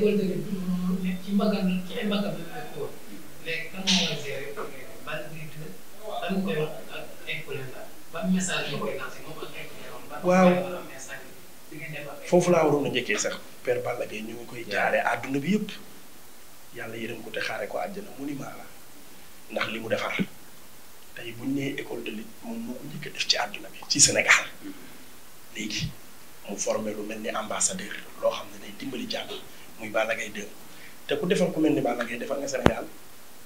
ci magam waaw foofu laa waroon a njëkkee sax Père Balla Gaye ñu ngi koy jaare àdduna bi yëpp yàlla yërëm ko te xaare ko àjjana monument la ndax li mu defar tey bu ñu nee école de lutte moom moo ko njëkk def ci àdduna bi ci Sénégal mm-hmm. léegi. mu formé lu mel ni ambassadeur loo xam ne day dimbali jàng muy Balla ngay 2 te ku defal ku mel ni Balla Gaye defal nga Sénégal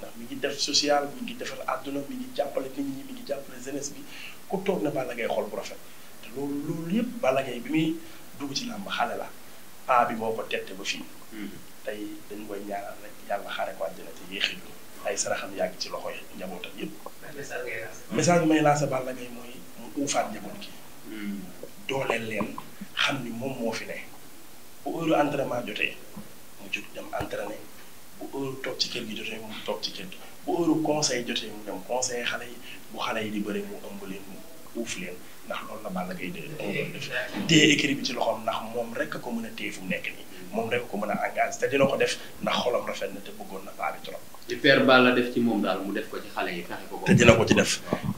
ndax mi ngi def social mi ngi defal àdduna mi ngi jàppale nit ñi mi ngi jàppale jeunesse bi ku toog na Balla Gaye xol bu rafet te loolu yëpp Balla Gaye bi muy dugg ci làmb xale la paa bi moo ko tette ba fii. Hmm. tey dañ koy ñaanal rek yàlla xaare ko àjjana te yéexi ay saraxam yàgg ci loxo yi njabootam yëpp. message may lancé Balla Gaye mooy mu uufaat njaboot gi. Hmm. leen. xam ni moom moo fi ne bu heure entraînement jotee mu jóg dem entraîner bu heure toog ci kër gi jotee mu toog ci kër gi bu heure conseil jotee mu dem conseil xale yi bu xale yi di bëri mu ëmb leen mu uuf leen ndax loolu la Balla Gaye dee def téye ci loxoom ndax moom rek a ko mën a téye fu mu nekk nii moom rek ko mën a engagé te dina ko def ndax xolam rafet na te bëggoon na paa bi trop. li père Balla def ci moom daal mu def ko ci xale yi fexe ko. te dina ko ci def